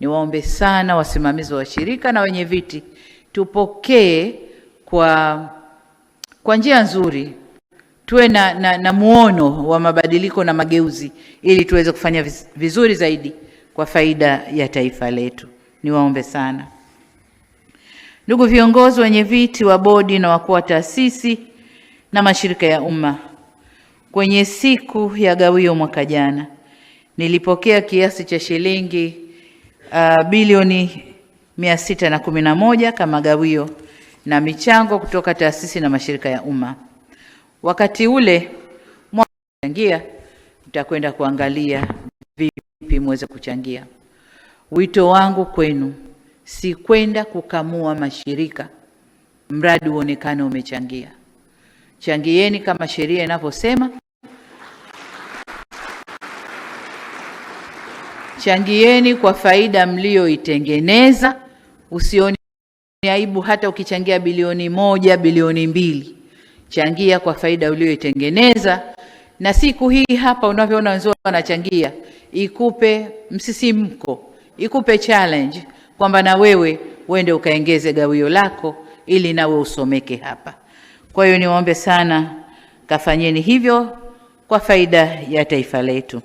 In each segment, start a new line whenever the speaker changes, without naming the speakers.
Niwaombe sana wasimamizi wa shirika na wenye viti, tupokee kwa, kwa njia nzuri, tuwe na, na, na muono wa mabadiliko na mageuzi ili tuweze kufanya vizuri zaidi kwa faida ya taifa letu. Niwaombe sana ndugu viongozi, wenye viti wa bodi na wakuu wa taasisi na mashirika ya umma. Kwenye siku ya gawio mwaka jana nilipokea kiasi cha shilingi uh, bilioni mia na kumi moja kama gawio na michango kutoka taasisi na mashirika ya umma. Wakati ule changia, mtakwenda kuangalia vipi muweze kuchangia. Wito wangu kwenu si kwenda kukamua mashirika mradi uonekane umechangia. Changieni kama sheria inavyosema. changieni kwa faida mliyoitengeneza. Usioni aibu hata ukichangia bilioni moja, bilioni mbili, changia kwa faida uliyoitengeneza. Na siku hii hapa unavyoona wenzao wanachangia, ikupe msisimko, ikupe challenge kwamba na wewe uende ukaengeze gawio lako ili nawe usomeke hapa. Kwa hiyo niwaombe sana, kafanyeni hivyo kwa faida ya taifa letu.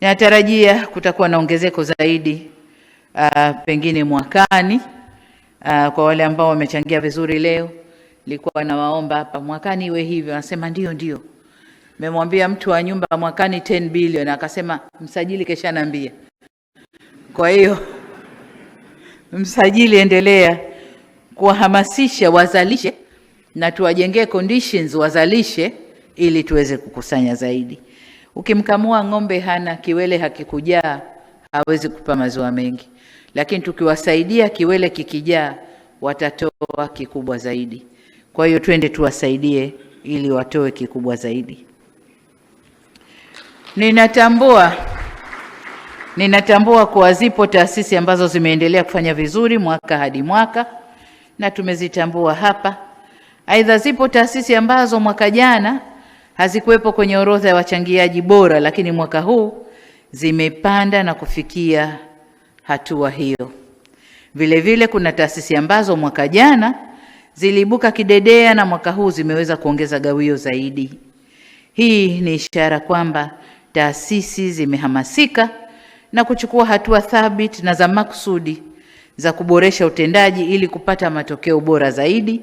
Natarajia kutakuwa na ongezeko zaidi uh, pengine mwakani uh, kwa wale ambao wamechangia vizuri leo. Nilikuwa nawaomba hapa mwakani iwe hivyo, nasema ndio ndio. Nimemwambia mtu wa nyumba mwakani 10 billion, akasema msajili kesha naambia. Kwa hiyo msajili, endelea kuwahamasisha wazalishe na tuwajengee conditions wazalishe ili tuweze kukusanya zaidi. Ukimkamua ng'ombe hana kiwele, hakikujaa hawezi kupa maziwa mengi, lakini tukiwasaidia kiwele kikijaa, watatoa kikubwa zaidi. Kwa hiyo twende tuwasaidie ili watoe kikubwa zaidi. Ninatambua, ninatambua kuwa zipo taasisi ambazo zimeendelea kufanya vizuri mwaka hadi mwaka na tumezitambua hapa. Aidha, zipo taasisi ambazo mwaka jana hazikuwepo kwenye orodha ya wachangiaji bora, lakini mwaka huu zimepanda na kufikia hatua hiyo. Vile vile kuna taasisi ambazo mwaka jana ziliibuka kidedea na mwaka huu zimeweza kuongeza gawio zaidi. Hii ni ishara kwamba taasisi zimehamasika na kuchukua hatua thabiti na za makusudi za kuboresha utendaji ili kupata matokeo bora zaidi,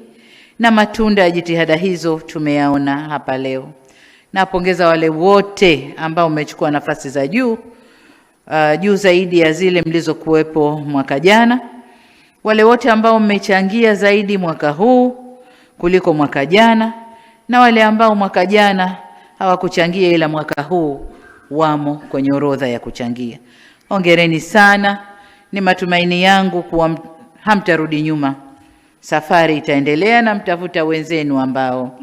na matunda ya jitihada hizo tumeyaona hapa leo. Napongeza wale wote ambao umechukua nafasi za juu uh, juu zaidi ya zile mlizokuwepo mwaka jana, wale wote ambao mmechangia zaidi mwaka huu kuliko mwaka jana, na wale ambao mwaka jana hawakuchangia ila mwaka huu wamo kwenye orodha ya kuchangia. Hongereni sana. Ni matumaini yangu kuwa hamtarudi nyuma. Safari itaendelea na mtavuta wenzenu ambao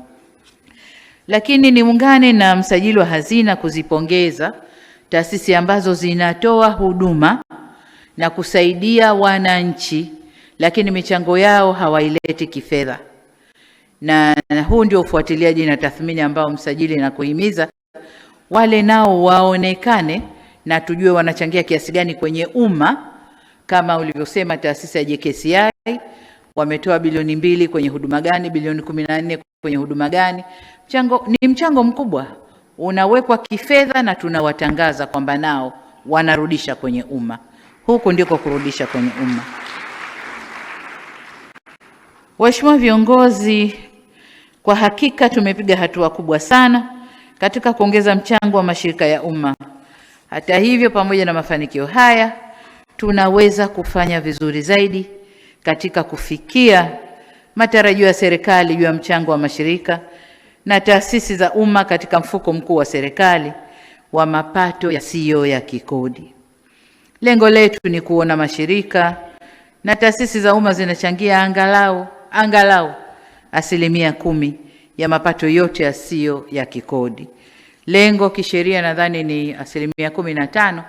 lakini niungane na msajili wa hazina kuzipongeza taasisi ambazo zinatoa huduma na kusaidia wananchi, lakini michango yao hawaileti kifedha. Na, na huu ndio ufuatiliaji na tathmini ambao msajili na kuhimiza wale nao waonekane na tujue wanachangia kiasi gani kwenye umma. Kama ulivyosema taasisi ya JKCI wametoa bilioni mbili kwenye huduma gani, bilioni kumi na nne kwenye huduma gani, chango, ni mchango mkubwa unawekwa kifedha, na tunawatangaza kwamba nao wanarudisha kwenye umma. Huku ndiko kurudisha kwenye umma. Waheshimiwa viongozi, kwa hakika tumepiga hatua kubwa sana katika kuongeza mchango wa mashirika ya umma. Hata hivyo, pamoja na mafanikio haya, tunaweza kufanya vizuri zaidi katika kufikia matarajio ya serikali juu ya mchango wa mashirika na taasisi za umma katika mfuko mkuu wa serikali wa mapato yasiyo ya kikodi. Lengo letu ni kuona mashirika na taasisi za umma zinachangia angalau angalau asilimia kumi ya mapato yote yasiyo ya kikodi. Lengo kisheria nadhani ni asilimia kumi na tano.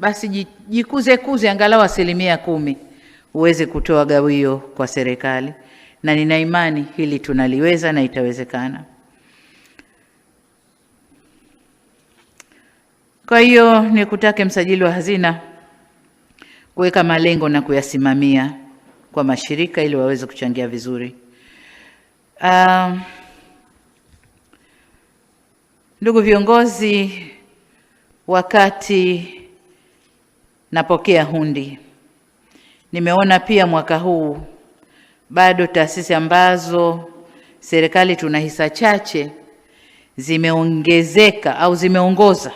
Basi jikuze kuze angalau asilimia kumi uweze kutoa gawio kwa serikali, na nina imani hili tunaliweza na itawezekana. Kwa hiyo nikutake msajili wa hazina kuweka malengo na kuyasimamia kwa mashirika ili waweze kuchangia vizuri. Uh, ndugu viongozi, wakati napokea hundi nimeona pia mwaka huu bado taasisi ambazo serikali tuna hisa chache zimeongezeka au zimeongoza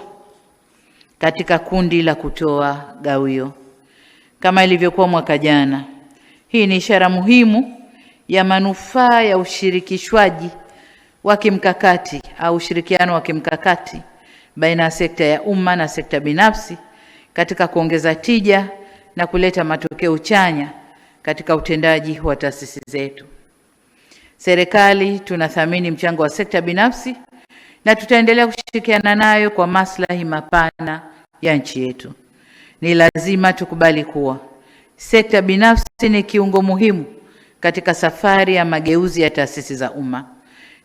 katika kundi la kutoa gawio kama ilivyokuwa mwaka jana. Hii ni ishara muhimu ya manufaa ya ushirikishwaji wa kimkakati au ushirikiano wa kimkakati baina ya sekta ya umma na sekta binafsi katika kuongeza tija na kuleta matokeo chanya katika utendaji wa taasisi zetu. Serikali tunathamini mchango wa sekta binafsi na tutaendelea kushirikiana nayo kwa maslahi mapana ya nchi yetu. Ni lazima tukubali kuwa sekta binafsi ni kiungo muhimu katika safari ya mageuzi ya taasisi za umma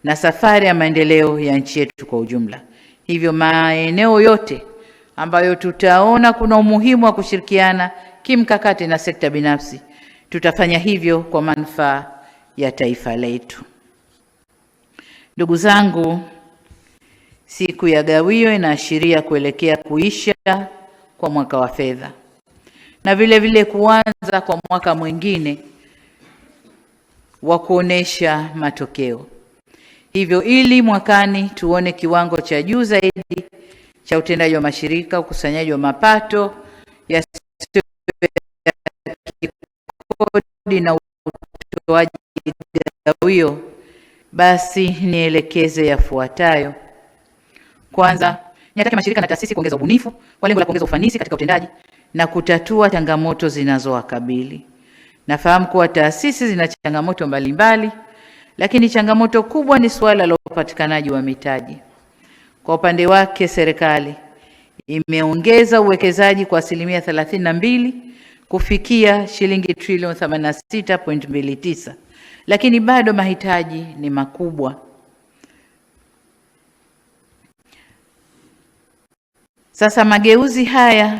na safari ya maendeleo ya nchi yetu kwa ujumla. Hivyo, maeneo yote ambayo tutaona kuna umuhimu wa kushirikiana kimkakati na sekta binafsi, tutafanya hivyo kwa manufaa ya taifa letu. Ndugu zangu, Siku ya gawio inaashiria kuelekea kuisha kwa mwaka wa fedha na vile vile kuanza kwa mwaka mwingine wa kuonesha matokeo. Hivyo, ili mwakani tuone kiwango cha juu zaidi cha utendaji wa mashirika, ukusanyaji wa mapato ya kodi na utoaji gawio, basi nielekeze yafuatayo kwanza, niatake mashirika na taasisi kuongeza ubunifu kwa lengo la kuongeza ufanisi katika utendaji na kutatua changamoto zinazowakabili. Nafahamu kuwa taasisi zina changamoto mbalimbali lakini changamoto kubwa ni suala la upatikanaji wa mitaji. Kwa upande wake, serikali imeongeza uwekezaji kwa asilimia 32 mbili kufikia shilingi trilioni 86.29, lakini bado mahitaji ni makubwa. Sasa mageuzi haya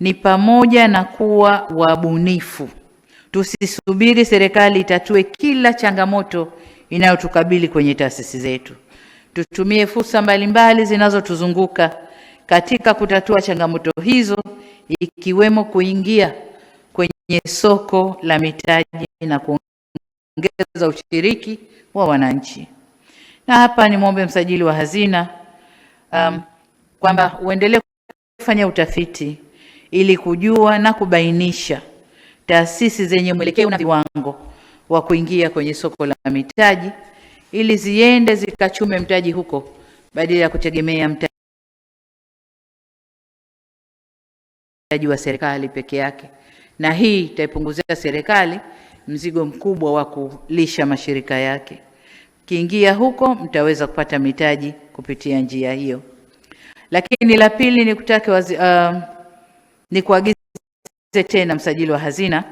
ni pamoja na kuwa wabunifu. Tusisubiri serikali itatue kila changamoto inayotukabili kwenye taasisi zetu. Tutumie fursa mbalimbali zinazotuzunguka katika kutatua changamoto hizo, ikiwemo kuingia kwenye soko la mitaji na kuongeza ushiriki wa wananchi. Na hapa mwombe msajili wa hazina um, kwamba uendelee fanya utafiti ili kujua na kubainisha taasisi zenye mwelekeo na viwango wa kuingia kwenye soko la mitaji ili ziende zikachume mtaji huko badala ya kutegemea mtaji wa serikali peke yake, na hii itaipunguzia serikali mzigo mkubwa wa kulisha mashirika yake. kiingia huko, mtaweza kupata mitaji kupitia njia hiyo. Lakini la pili ni kutake wazi, uh, ni kuagize tena msajili wa hazina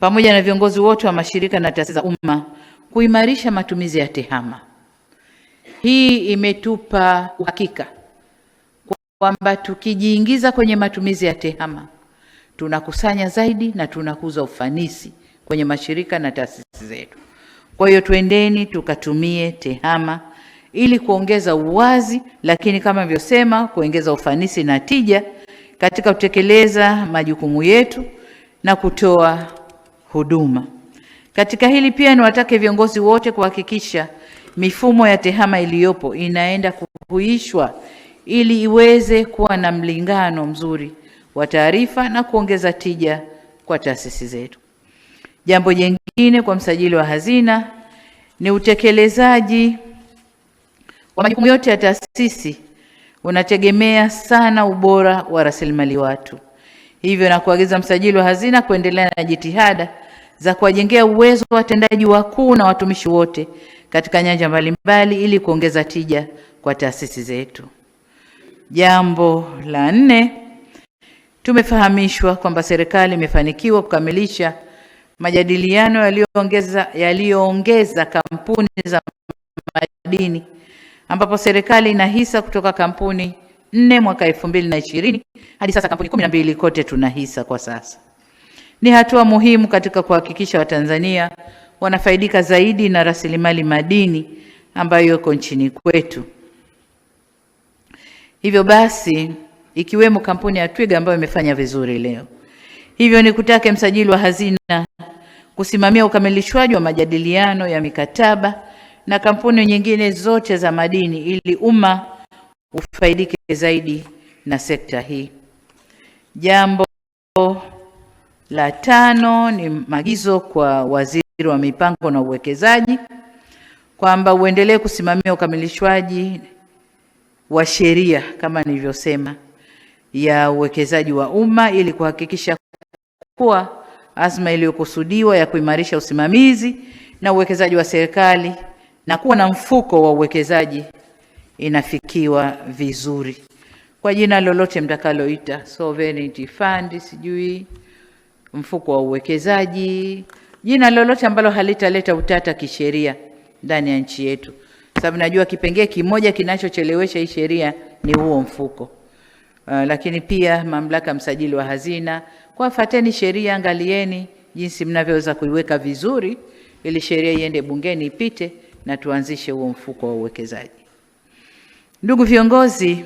pamoja na viongozi wote wa mashirika na taasisi za umma kuimarisha matumizi ya tehama. Hii imetupa uhakika kwamba tukijiingiza kwenye matumizi ya tehama tunakusanya zaidi na tunakuza ufanisi kwenye mashirika na taasisi zetu. Kwa hiyo, tuendeni tukatumie tehama ili kuongeza uwazi, lakini kama nilivyosema, kuongeza ufanisi na tija katika kutekeleza majukumu yetu na kutoa huduma. Katika hili pia niwatake viongozi wote kuhakikisha mifumo ya tehama iliyopo inaenda kuhuishwa ili iweze kuwa na mlingano mzuri wa taarifa na kuongeza tija kwa taasisi zetu. Jambo jingine kwa msajili wa hazina ni utekelezaji kwa majukumu yote ya taasisi unategemea sana ubora wa rasilimali watu, hivyo na kuagiza msajili wa hazina kuendelea na jitihada za kuwajengea uwezo wa watendaji wakuu na watumishi wote katika nyanja mbalimbali ili kuongeza tija kwa taasisi zetu. Jambo la nne, tumefahamishwa kwamba serikali imefanikiwa kukamilisha majadiliano yaliyoongeza yaliyoongeza kampuni za madini ambapo serikali ina hisa kutoka kampuni nne mwaka elfu mbili na ishirini hadi sasa kampuni kumi na mbili kote tuna hisa kwa sasa. Ni hatua muhimu katika kuhakikisha Watanzania wanafaidika zaidi na rasilimali madini ambayo iko nchini kwetu. Hivyo basi ikiwemo kampuni ya Twiga ambayo imefanya vizuri leo. Hivyo kutake msajili wa hazina kusimamia ukamilishwaji wa majadiliano ya mikataba na kampuni nyingine zote za madini ili umma ufaidike zaidi na sekta hii. Jambo la tano ni maagizo kwa Waziri wa Mipango na Uwekezaji kwamba uendelee kusimamia ukamilishwaji wa sheria kama nilivyosema ya uwekezaji wa umma ili kuhakikisha kuwa azma iliyokusudiwa ya kuimarisha usimamizi na uwekezaji wa serikali na kuwa na mfuko wa uwekezaji inafikiwa vizuri kwa jina lolote mtakaloita sovereignty fund, sijui mfuko wa uwekezaji, jina lolote ambalo halitaleta utata kisheria ndani ya nchi yetu, sababu najua kipengee kimoja kinachochelewesha hii sheria ni huo mfuko. Uh, lakini pia mamlaka msajili wa hazina, kwa fateni sheria, angalieni jinsi mnavyoweza kuiweka vizuri ili sheria iende bungeni ipite na tuanzishe huo mfuko wa uwekezaji. Ndugu viongozi,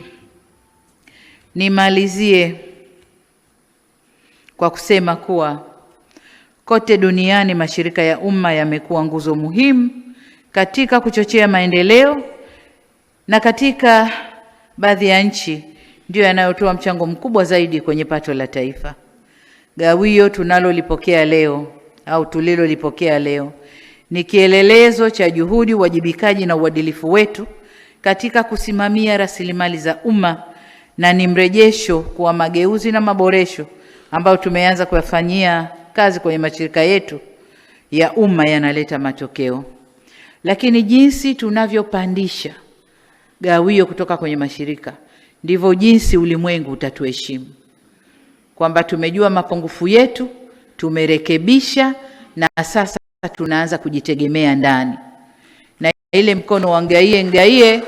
nimalizie kwa kusema kuwa kote duniani mashirika ya umma yamekuwa nguzo muhimu katika kuchochea maendeleo na katika baadhi ya nchi ndiyo yanayotoa mchango mkubwa zaidi kwenye pato la taifa. Gawio tunalolipokea leo au tulilolipokea leo ni kielelezo cha juhudi, uwajibikaji na uadilifu wetu katika kusimamia rasilimali za umma na ni mrejesho kwa mageuzi na maboresho ambayo tumeanza kuyafanyia kazi kwenye mashirika yetu ya umma yanaleta matokeo. Lakini jinsi tunavyopandisha gawio kutoka kwenye mashirika ndivyo jinsi ulimwengu utatuheshimu, kwamba tumejua mapungufu yetu, tumerekebisha na sasa tunaanza kujitegemea ndani, na ile mkono wa ngaie ngaie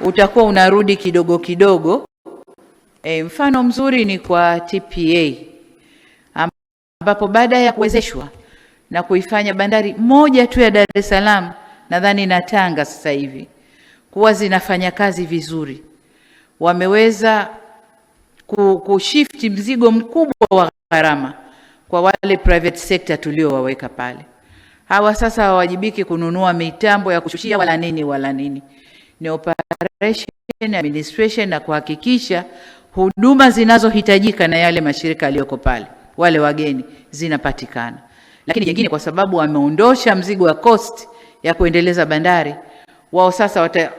utakuwa unarudi kidogo kidogo. E, mfano mzuri ni kwa TPA ambapo baada ya kuwezeshwa na kuifanya bandari moja tu ya Dar es Salaam nadhani na Tanga sasa hivi kuwa zinafanya kazi vizuri, wameweza kushifti mzigo mkubwa wa gharama kwa wale private sector tuliowaweka pale. Hawa sasa hawawajibiki kununua mitambo ya kushushia wala nini wala nini, ni operation administration na kuhakikisha huduma zinazohitajika na yale mashirika yaliyoko pale wale wageni zinapatikana. Lakini jingine, kwa sababu wameondosha mzigo wa cost ya kuendeleza bandari, wao sasa wata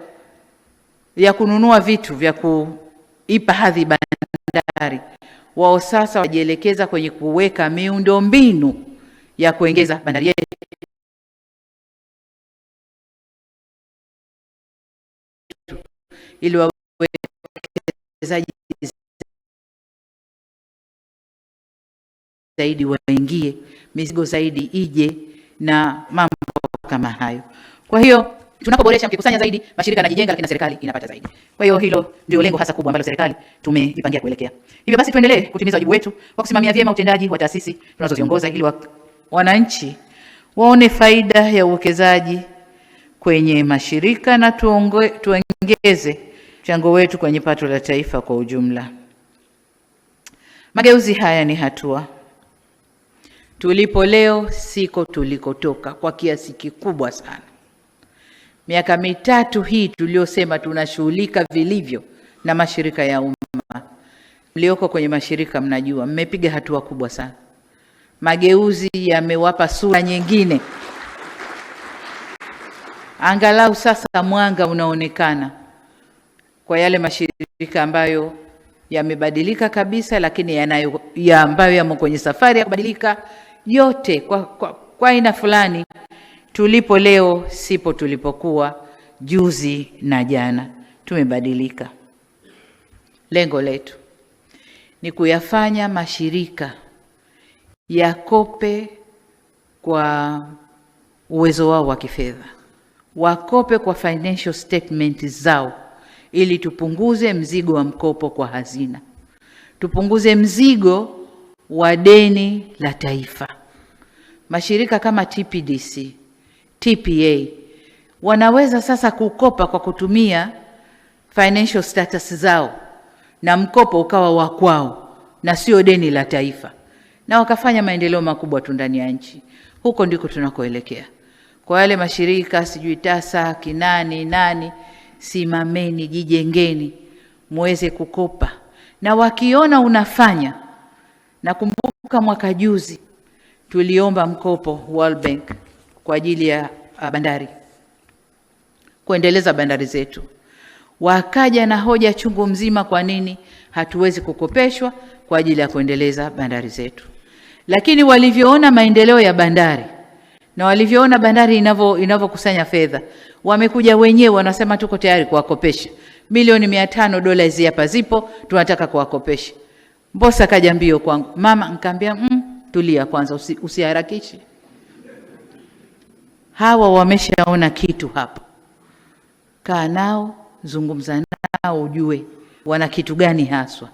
ya kununua vitu vya kuipa hadhi bandari wao sasa wajielekeza kwenye kuweka miundo mbinu ya kuongeza bandari yetu ili wawekezaji zaidi waingie, mizigo zaidi ije na mambo kama hayo. Kwa hiyo Tunapoboresha mkikusanya zaidi, mashirika yanajijenga, lakini serikali inapata zaidi. Kwa hiyo hilo ndio lengo hasa kubwa ambalo serikali tumejipangia kuelekea. Hivyo basi, tuendelee kutimiza wajibu wetu wa kusimamia vyema utendaji wa taasisi tunazoziongoza ili wa, wananchi waone faida ya uwekezaji kwenye mashirika na tuongeze mchango wetu kwenye pato la taifa kwa ujumla. Mageuzi haya ni hatua. Tulipo leo siko tulikotoka kwa kiasi kikubwa sana miaka mitatu hii tuliosema tunashughulika vilivyo na mashirika ya umma. Mlioko kwenye mashirika mnajua mmepiga hatua kubwa sana. Mageuzi yamewapa sura nyingine, angalau sasa mwanga unaonekana kwa yale mashirika ambayo yamebadilika kabisa, lakini yanayo ya ambayo yamo kwenye safari ya kubadilika yote kwa, kwa, kwa aina fulani Tulipo leo sipo tulipokuwa juzi na jana. Tumebadilika. Lengo letu ni kuyafanya mashirika yakope kwa uwezo wao wa kifedha, wakope kwa financial statement zao, ili tupunguze mzigo wa mkopo kwa hazina, tupunguze mzigo wa deni la taifa. Mashirika kama TPDC TPA wanaweza sasa kukopa kwa kutumia financial status zao na mkopo ukawa wa kwao na sio deni la taifa, na wakafanya maendeleo makubwa tu ndani ya nchi. Huko ndiko tunakoelekea. Kwa yale mashirika sijui tasa kinani nani, simameni, jijengeni, muweze kukopa, na wakiona unafanya. Nakumbuka mwaka juzi tuliomba mkopo World Bank kwa ajili ya uh, bandari, kuendeleza bandari zetu. Wakaja na hoja chungu mzima, kwa nini hatuwezi kukopeshwa kwa ajili ya kuendeleza bandari zetu. Lakini walivyoona maendeleo ya bandari na walivyoona bandari inavyo inavyokusanya fedha, wamekuja wenyewe wanasema, tuko tayari kuwakopesha milioni mia tano dola hizi hapa zipo, tunataka kuwakopesha. Mbosa kaja mbio kwangu, mama, nkaambia mm, tulia kwanza, usiharakishi usi hawa wameshaona kitu hapo. Kaa nao, zungumza nao, ujue wana kitu gani haswa,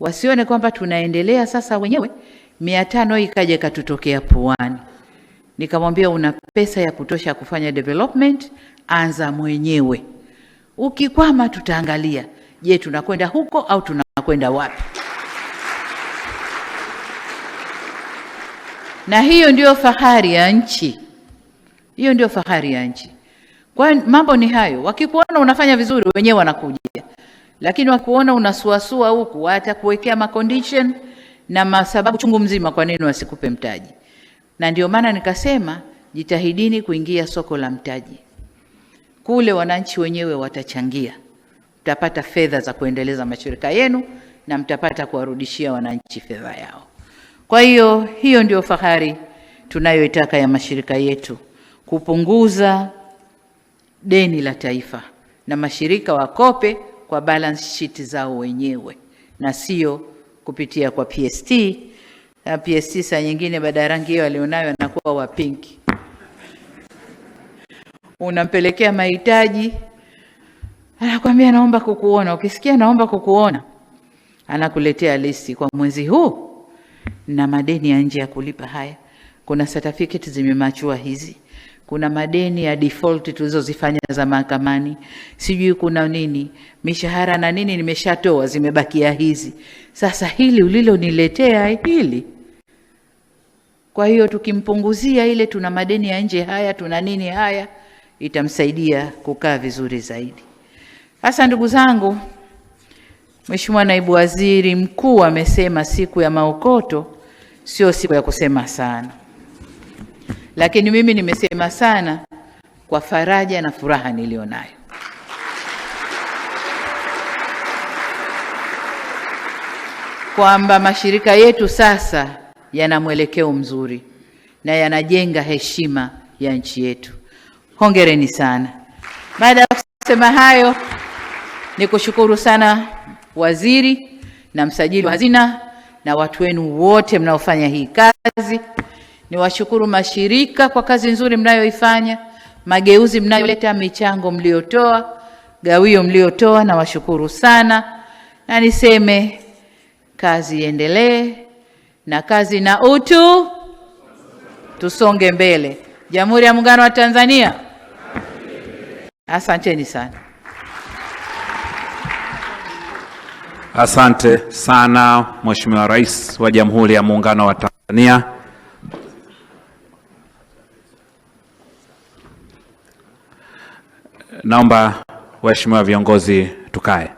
wasione kwamba tunaendelea sasa wenyewe mia tano ikaja ikatutokea puani. Nikamwambia una pesa ya kutosha kufanya development, anza mwenyewe. Ukikwama tutaangalia, je, tunakwenda huko au tunakwenda wapi? Na hiyo ndiyo fahari ya nchi hiyo ndio fahari ya nchi. Kwa mambo ni hayo, wakikuona unafanya vizuri wenyewe wanakuja, lakini wakuona unasuasua huku, watakuwekea macondition na masababu chungu mzima kwa nini wasikupe mtaji. Na ndio maana nikasema jitahidini kuingia soko la mtaji, kule wananchi wenyewe watachangia, mtapata fedha za kuendeleza mashirika yenu na mtapata kuwarudishia wananchi fedha yao. Kwa hiyo hiyo ndio fahari tunayoitaka ya mashirika yetu kupunguza deni la taifa na mashirika wakope kwa balance sheet zao wenyewe na sio kupitia kwa PST. Na PST saa nyingine baada ya rangi hiyo alionayo anakuwa wa pinki, unampelekea mahitaji anakwambia naomba kukuona. Ukisikia naomba kukuona, anakuletea listi kwa mwezi huu na madeni ya nje ya kulipa haya, kuna certificate zimemachua hizi, kuna madeni ya default tulizozifanya za mahakamani, sijui kuna nini, mishahara na nini nimeshatoa, zimebakia hizi. Sasa hili uliloniletea hili, kwa hiyo tukimpunguzia ile, tuna madeni ya nje haya, tuna nini haya, itamsaidia kukaa vizuri zaidi. Sasa ndugu zangu, Mheshimiwa Naibu Waziri Mkuu amesema siku ya maokoto sio siku ya kusema sana lakini mimi nimesema sana kwa faraja na furaha nilionayo. kwamba mashirika yetu sasa yana mwelekeo mzuri na yanajenga heshima ya nchi yetu. Hongereni sana. Baada ya kusema hayo, ni kushukuru sana waziri na msajili wa hazina na watu wenu wote mnaofanya hii kazi. Niwashukuru mashirika kwa kazi nzuri mnayoifanya, mageuzi mnayoleta, michango mliotoa, gawio mliotoa, nawashukuru sana, na niseme kazi iendelee, na kazi na utu, tusonge mbele. Jamhuri ya Muungano wa Tanzania. Asanteni sana.
Asante sana Mheshimiwa Rais wa Jamhuri ya Muungano wa Tanzania. Naomba waheshimiwa viongozi tukae.